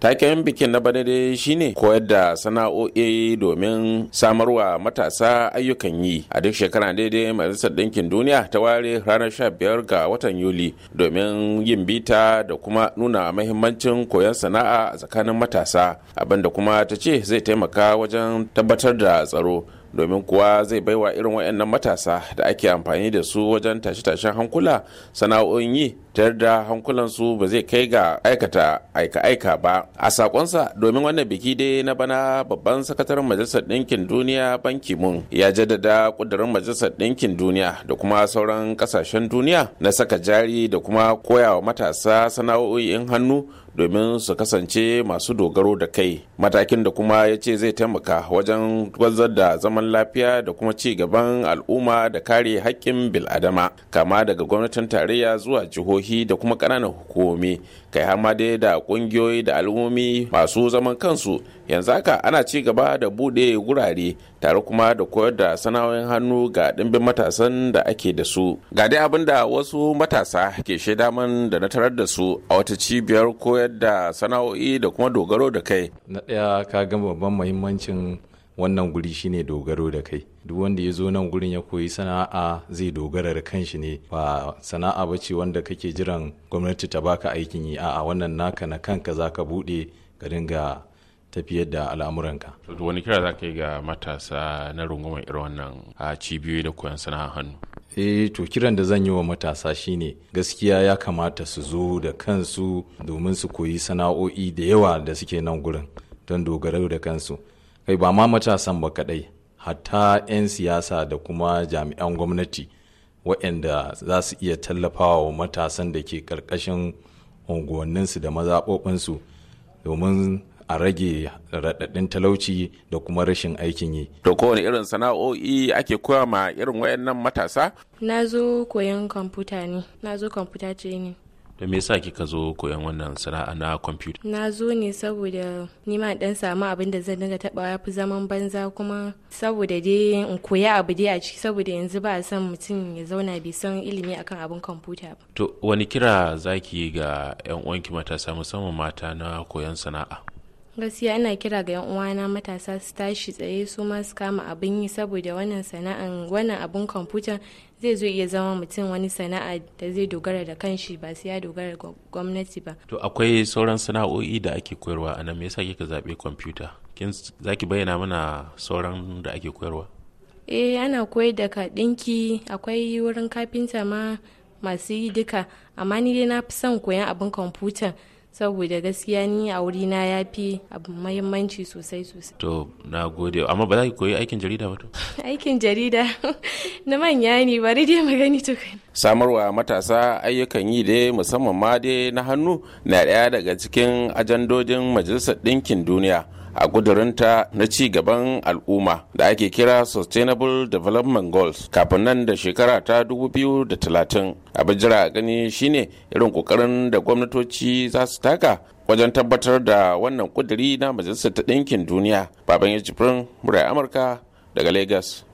taken bikin na bane dai shine koyar da sana'o'i domin samarwa matasa ayyukan yi a duk shekara daidai majalisar ɗinkin duniya ta ware ranar 15 ga watan yuli domin yin bita da kuma nuna mahimmancin koyon sana'a a tsakanin matasa abinda kuma ta ce zai taimaka wajen tabbatar da tsaro domin kuwa zai baiwa irin waɗannan matasa da ake amfani da su wajen tashe-tashen hankula sana'o'in yi ta da hankulansu ba zai kai ga aikata aika-aika ba a sakonsa domin wannan biki dai na bana babban sakataren majalisar ɗinkin duniya banki mun ya jaddada ƙudurin majalisar ɗinkin duniya da kuma sauran ƙasashen duniya na saka jari da kuma koyawa matasa sana'o'in hannu domin su kasance masu dogaro da kai matakin da kuma ya ce zai taimaka wajen gwazar da zaman lafiya da kuma ci gaban al'umma da kare haƙƙin biladama kama daga gwamnatin tarayya zuwa jihohi da kuma ƙananan hukumomi kai har ma dai da ƙungiyoyi da al'ummi masu zaman kansu yanzu haka ana ci gaba da buɗe gurare tare kuma da koyar da sana'o'in hannu ga ɗimbin matasan da ake da su ga dai abin da wasu matasa ke man da na tarar da su a wata cibiyar koyar koyar da sana'o'i da kuma dogaro da kai na ɗaya ka ga babban muhimmancin wannan guri shine dogaro da kai duk wanda ya zo nan gurin ya koyi sana'a zai dogara da kanshi ne ba sana'a ba ce wanda kake jiran gwamnati ta baka aikin yi a'a wannan naka na kanka zaka bude ka dinga tafiyar da al'amuranka. wani kira za ka yi ga matasa na rungumar irin wannan a cibiyoyi da koyon sana'ar hannu e to kiran da zan yi wa matasa shine gaskiya ya kamata su zo da kansu domin su koyi sana'o'i da yawa da suke nan gurin don dogaro da kansu kai ba ma matasan ba kadai hatta 'yan siyasa da kuma jami'an gwamnati waɗanda za su iya tallafawa wa matasan da ke ƙarƙashin unguwanninsu da mazaɓoɓinsu domin a rage raɗaɗin talauci da kuma rashin aikin yi. To kowane irin sana'o'i ake koya ma irin wayannan matasa? Na zo koyon kwamfuta ne, na zo kwamfuta ce ne. Da me yasa kika zo koyon wannan sana'a na kwamfuta? Na zo ne saboda ni dan samu abin da zan dinga taɓa ya fi zaman banza kuma saboda dai in koya abu dai a ciki saboda yanzu ba a san mutum ya zauna bai san ilimi akan abin kwamfuta ba. To wani kira zaki ga 'yan uwanki matasa musamman mata na koyon sana'a? gaskiya ina kira ga 'yan uwana matasa su tashi tsaye su ma su kama abin yi saboda wannan sana'an wannan abun kwamfuta zai zo iya zama mutum wani sana'a da zai dogara da kanshi ba sai ya dogara ga gwamnati ba to akwai sauran sana'o'i da ake koyarwa anan me yasa kika zabe kwamfuta kin zaki bayyana mana sauran da ake koyarwa eh ana koyar da ka ɗinki akwai wurin kafinta ma masu yi duka amma ni dai na fi son koyan abin kwamfuta saboda gaskiya ni a wuri na ya fi abu mahimmanci sosai sosai to na gode amma ba za ki koyi aikin jarida ba to aikin jarida na manya ne bari dai magani tukuna samarwa matasa ayyukan yi dai musamman ma dai na hannu na ɗaya daga cikin ajandojin majalisar ɗinkin duniya a gudurinta na ci gaban al'umma da ake kira sustainable development goals kafin nan da shekara ta 2030 abin jira gani shine irin kokarin da gwamnatoci za su taka wajen tabbatar da wannan kuduri na majalisar ta ɗinkin duniya baban ya murai amurka daga lagos